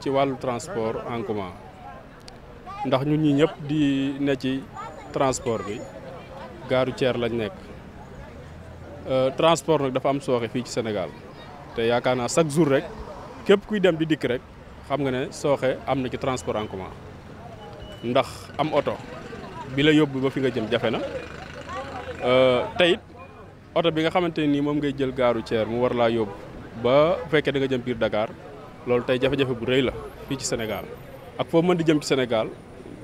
ci wàllu transport en commun ndax ñun ñi ñëpp di ne ci transport bi gaaru ceer lañ nekk euh, transport nag dafa am sooxe fii ci Sénégal te yaakaar naa chaque jour rek képp kuy dem di dikk rek xam nga ne sooxe am na ci transport en commun ndax am oto bi la yóbbu ba fi nga jëm jafe na euh, teyit oto bi nga xamante nii moom ngay jël gaaru ceer mu war laa yóbbu ba fekkee da nga jëm biir dakaar loolu tey jafe-jafe bu rëy la fii ci Sénégal ak foo mën di jëm ci Sénégal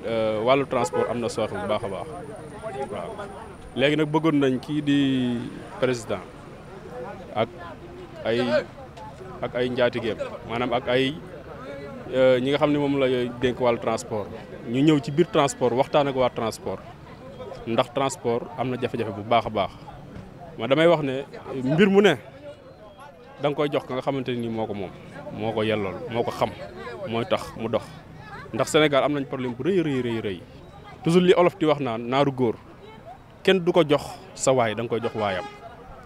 euh, wàllu transport am na sooxe bu baax a baax waaw léegi nag bëggoon nañ kii di président ak ay ak ay njaatigeem maanaam ak ay euh, ñi nga xam ne moom la yooyu dénk wàllu transport ñu ñëw ci biir transport waxtaan ak waa transport ndax transport am na jafe-jafe bu baax a baax ma damay wax ne mbir mu ne da nga koy jox ka nga xamante nii moo ko moom moo ko yellool moo ko xam mooy tax mu dox ndax Sénégal am nañ problème bu rëy rëy rëy rëy toujours li olof di wax naan naaru góor kenn du ko jox sa waay da nga koy jox waayam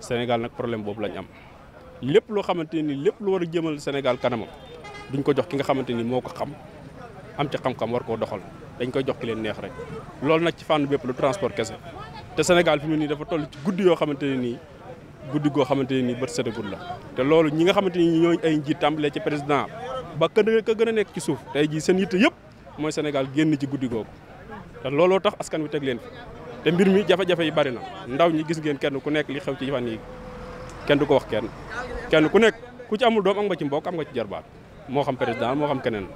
Sénégal nag problème boobu lañ am lépp loo xamante nii lépp lu war a jëmal Sénégal kanamam duñ ko jox ki nga xamante ni moo ko xam am ci xam-xam war koo doxal dañ koy jox ki leen neex rek loolu nag ci fànn bépp lu transport kese te Sénégal fi ci guddi yoo xamante ne nii guddi goo xamante ne nii bët setagul la te loolu ñi nga xamante ni ñooñu ay njiit tàmbalee ci président ba ka gën a nekk ci suuf tey jii seen yitte yëpp mooy Sénégal génn ci guddi googu te looloo tax askan wi teg leen fi te mbir mi jafe-jafe yi bari na ndaw ñi gis ngeen kenn ku nekk li xew ci fan yi kenn du ko wax kenn kenn ku nekk ku ci amul doom am nga ci mbokk am nga ci jarbaat moo xam président moo xam keneen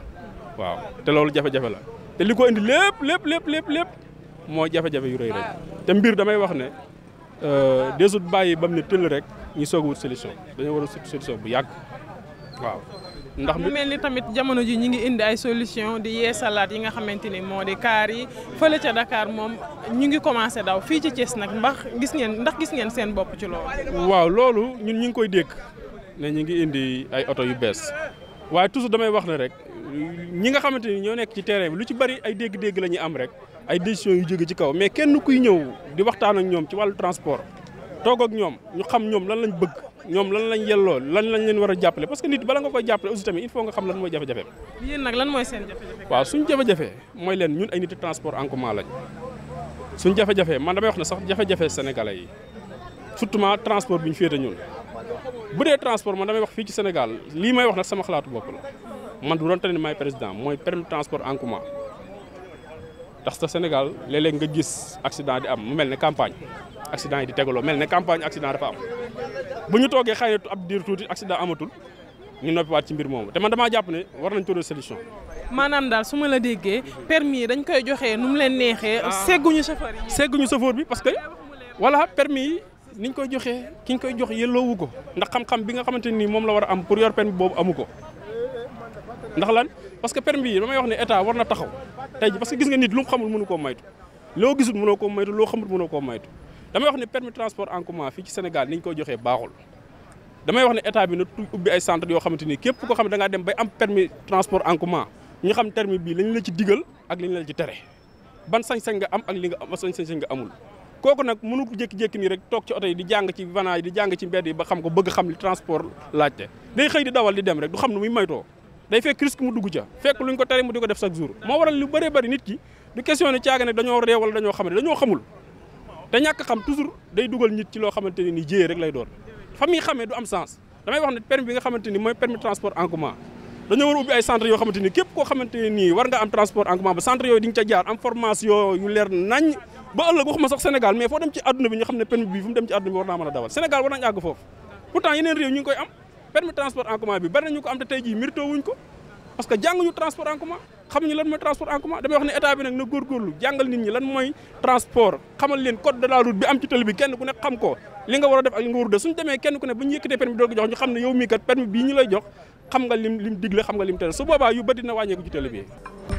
waaw te loolu jafe-jafe la te li ko indi lépp lépp lépp lépp lépp moo jafe-jafe yu rëy te mbir damay wax ne Euh, desut bàyyi ba mu ne tëll rek ñu soog a wut solution dañoo war a wut solution bu yàgg waaw. ndax mu mel ni tamit jamono ji ñu ngi indi ay solution di yeesalaat yi nga xamante ni moo di kaar yi fële ca dakaar moom ñu ngi commencé daw fii ci Thiès nag mbax gis ngeen ndax gis ngeen seen bopp ci loolu. waaw loolu ñun ñu ngi koy dégg ne ñu ngi indi ay oto yu bees waaye toujours damay wax ne rek ñi nga xamante ni ñoo nekk ci terrain bi lu ci bari ay dégg-dégg la ñuy am rek ay décision yu jóge ci kaw mais kenn kuy ñëw di waxtaan ak ñoom ci wàllu transport toog ak ñoom ñu xam ñoom lan lañ bëgg ñoom lan lañ yelloo lan lañ leen war a jàppale parce que nit bala nga koy jàppale aussi tamit il faut nga xam lan mooy lan mooy seen jafe-jafe. waaw mooy leen ñun ay nit transport en commun lañ suñu jafe-jafe man damay wax ne sax jafe-jafe sénégalais yi surtout transport bi ñu féete ñun bu dee transport man damay wax fii ci Sénégal lii may wax nag sama xalaatu bopp man du doon ne maay président mooy permis transport en commun tax sa Sénégal léeg nga gis accident di am mu mel ni campagne accident yi di tegaloo mel ne campagne accident dafa am bu ñu toogee xëy na ab diir tuuti accident amatul ñu waat ci mbir moomu te man damaa jàpp ne war nañ tuddee solution. maanaam daal su ma la déggee permis dañ koy joxe nu mu leen neexee. Ah. segguñu chauffeur yi. segguñu chauffeur bi parce que voilà permis yi niñ koy joxee ki ñu koy jox yelloowu ko ndax xam-xam bi nga xamante ni moom la war a am pour yor permis boobu amu ko. ndax lan parce que permis yi damay wax ne état war na taxaw tey ji parce que gis nga nit lu xamul mënu koo maytu loo gisul mënoo koo maytu loo xamul mënoo koo maytu damay wax ne permis transport fii ci Sénégal ni ñu koy joxee baaxul damay wax ne bi na ubbi ay centre yoo xamante ni képp koo xam ne dem bay am permis transport en commun ñu xam permis bi lañ la ci digal ak lañ la ci tere ban sañ-sañ nga am ak li nga am sañ-sañ nga amul kooku nag mënu ko jékki-jékki nii rek toog ci oto yi di jàng ci vana di jàng ci mbedd yi ba xam ko bëgg xam li transport laajte day xëy di dawal di dem rek du xam ne muy maytoo day fekk risque mu dugg ca fekk luñ ko tere mu di ko def chaque jour moo waral lu bëree bëri nit ki du question ne caaga ne dañoo réew wala dañoo xam ne dañoo xam loo xamante ne ni jéyee lay doon fa muy xamee du am bi nga mooy permis transport en commun dañoo war a ubbi koo xamante ne nii war nga am transport en commun ba centre yooyu di dem ci àdduna bi ne permis war naa mën a dawal Sénégal war nañ àgg foofu pourtant yeneen réew ñu ngi koy am permis transport en commun bi bari nañu ko am te tey jii wuñ ko parce que jànguñu transport en commun xamuñu lan mooy transport en commun damay wax lan mooy transport xamal leen code de bi am ci tali bi kenn ne xam ko li nga war a def ak li nga war a demee kenn ku ne bu ñu yëkkatee permis doo ko jox ñu xam ne yow mii kat permis bii ñu lay jox xam nga lim digle xam nga lim tere su boobaa yu ci tali